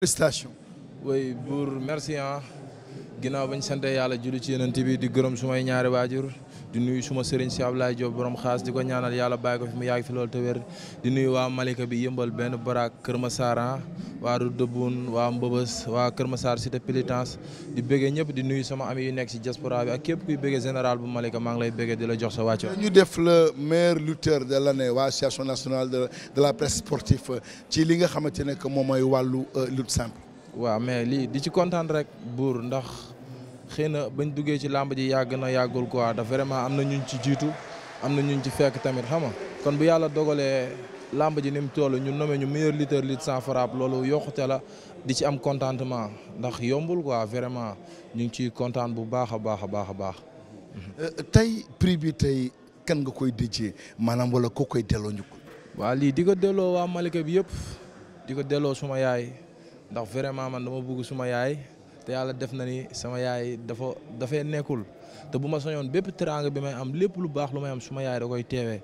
Félicitations. Oui, pour merci. Hein. ginnaaw bañ sante yàlla julli ci yeneen bi di gërëm sumay ñaari waajur di nuyu suma sëriñ si Ablaye Diop borom xaas di ko ñaanal yàlla bàyyi ko fi mu yàgg fi loolu te wér di nuyu waa Malika bi yëmbal benn baraak Kër Masara ah, waa Dëbbun waa Mbëbës waa Kër Masar cité Pilitance di bëggee ñëpp di nuyu sama ami yu nekk si diaspora bi ak képp kuy bëggee général bu Malika maa ngi lay bëggee di la jox sa wàcc ñu def le meilleur lutteur de l'année waa association nationale de la presse sportive ci li nga xamante ne que moom mooy wàllu euh, lutte simple waaw mais lii di xëy na bañ duggee ci làmb ji yàgg na yàggul quoi da vraiment am na ñuñ ci jiitu am na ñuñ ci fekk tamit xam nga kon bu yàlla dogalee làmb ji ni mu toll ñu nomee ñu meilleur lutteur lutte sans frappe loolu yokkute la di ci am contentement ndax yombul quoi vraiment ñu ngi ciy kontaan bu baax a baax a baax a baax. Euh, tey prix bi tey kan nga koy déjee maanaam wala ko koy delloo ñu ko. waa lii di ko delloo waa Malika bi yëpp di ko delloo suma yaay ndax vraiment man dama bugg suma yaay. te yàlla def na ni sama yaay dafa dafay nekkul te bu ma soñoon bépp teraanga bi may am lépp lu baax lu may am suma yaay da koy teewe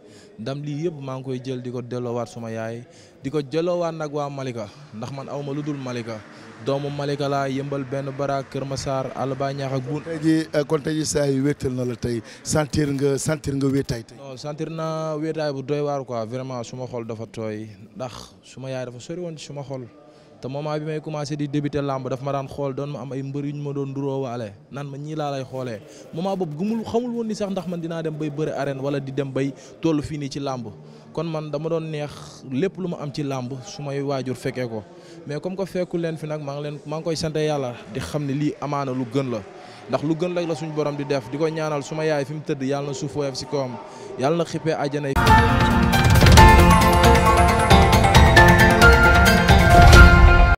ndam lii yëpp maa ngi koy jël di ko delloowaat sama yaay di ko jëloowaat nag waa Malika ndax man awma lu dul Malika doomu Malika laa yëmbal benn baraak Kër Massar àll ba ñaax ak buun. tey kon tey jii saa na la tey sentir nga sentir nga wéetaay tey. sentir naa wéetaay bu doy waar ko vraiment suma xol dafa tooy ndax suma yaay dafa sori woon suma xol. te moment bi may commencé di débuter làmb daf ma daan xool doon ma am ay mbër yu ñu ma doon duróowaale nan ma ñii laa lay xoolee moment boobu gumul xamul woon ni sax ndax man dina dem bay bëri arène wala di dem bay toll fii nii ci làmb kon man dama doon neex lépp lu ma am ci làmb su may waajur fekkee ko mais comme que fekku leen fi nag maa ngi leen maa ngi koy sant yàlla di xam ne lii amaana lu gën la ndax lu gën rek la suñu borom di def di ko ñaanal suma yaay fi mu tëdd yàlla na suuf si kawam yàlla na xippee àjjana